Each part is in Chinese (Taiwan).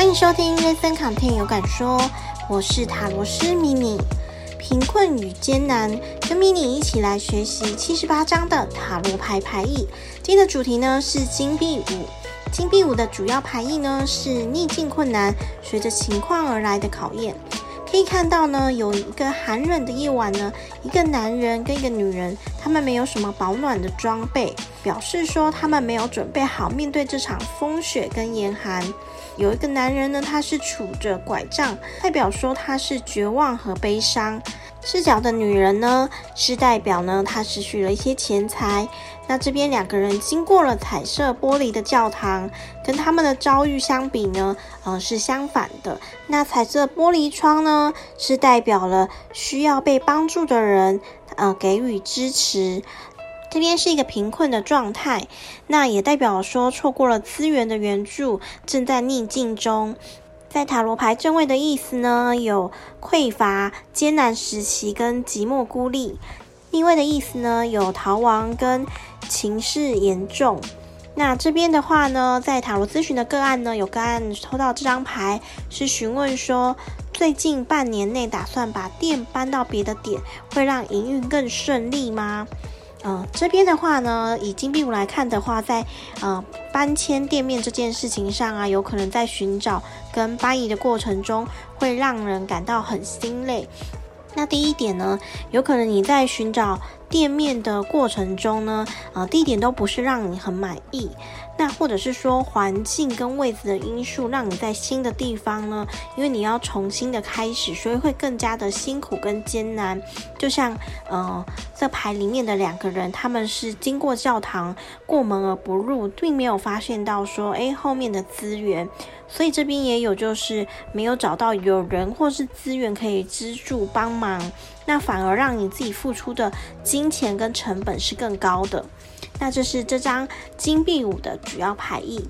歡迎收聽《ListenContent 有感說》，我是塔羅師迷你。貧困與艱難，跟迷你一起來學習七十八張的塔羅牌牌意。今天的主題呢是金幣五，金幣五的主要牌意呢是逆境困難，隨着情況而來的考驗。可以看到呢，有一個寒冷的夜晚呢，一個男人跟一個女人，他們沒有什麼保暖的裝備，表示說他們沒有準備好面對這場風雪跟嚴寒。有一個男人呢，他是拄着拐杖，代表說他是絕望和悲傷。赤腳的女人呢，是代表呢她失去了一些錢財。那這邊兩個人經過了彩色玻璃的教堂，跟他們的遭遇相比呢，嗯、呃，是相反的。那彩色玻璃窗呢，是代表了需要被幫助的人，呃，給予支持。這邊是一個貧困的狀態，那也代表說錯過了資源的援助，正在逆境中。在塔羅牌正位的意思呢，有匱乏、艱難時期跟寂寞孤立；逆位的意思呢，有逃亡跟情勢嚴重。那這邊的話呢，在塔羅諮詢的個案呢，有個案抽到這張牌，是詢問說，最近半年內打算把店搬到別的點，會讓營運更順利嗎？嗯、呃，這邊的話呢，以金幣五來看的話，在呃搬遷店面這件事情上啊，有可能在尋找跟搬移的過程中會讓人感到很心累。那第一點呢，有可能你在尋找店面的過程中呢，第、呃、地點都不是讓你很滿意。那或者是說環境跟位置的因素，讓你在新的地方呢，因為你要重新的開始，所以會更加的辛苦跟艱難。就像嗯。呃這牌裡面的兩個人，他們是經過教堂過門而不入，並沒有發現到說，誒後面的資源，所以這邊也有就是沒有找到有人或是資源可以資助幫忙，那反而讓你自己付出的金錢跟成本是更高的。那這是這張金幣五的主要牌意。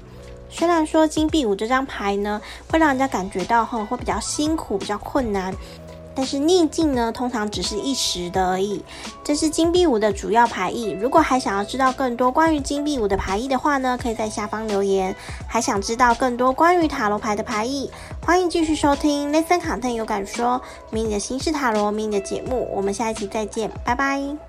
雖然說金幣五這張牌呢，會讓人家感覺到哈，會比較辛苦，比較困難。但是逆境呢，通常只是一時的而已。這是金幣五的主要牌意。如果還想要知道更多關於金幣五的牌意的話呢，可以在下方留言。還想知道更多關於塔羅牌的牌意，歡迎繼續收聽 ListenContent 有感說。迷你的新式塔羅，迷你的節目，我們下一期再見，拜拜。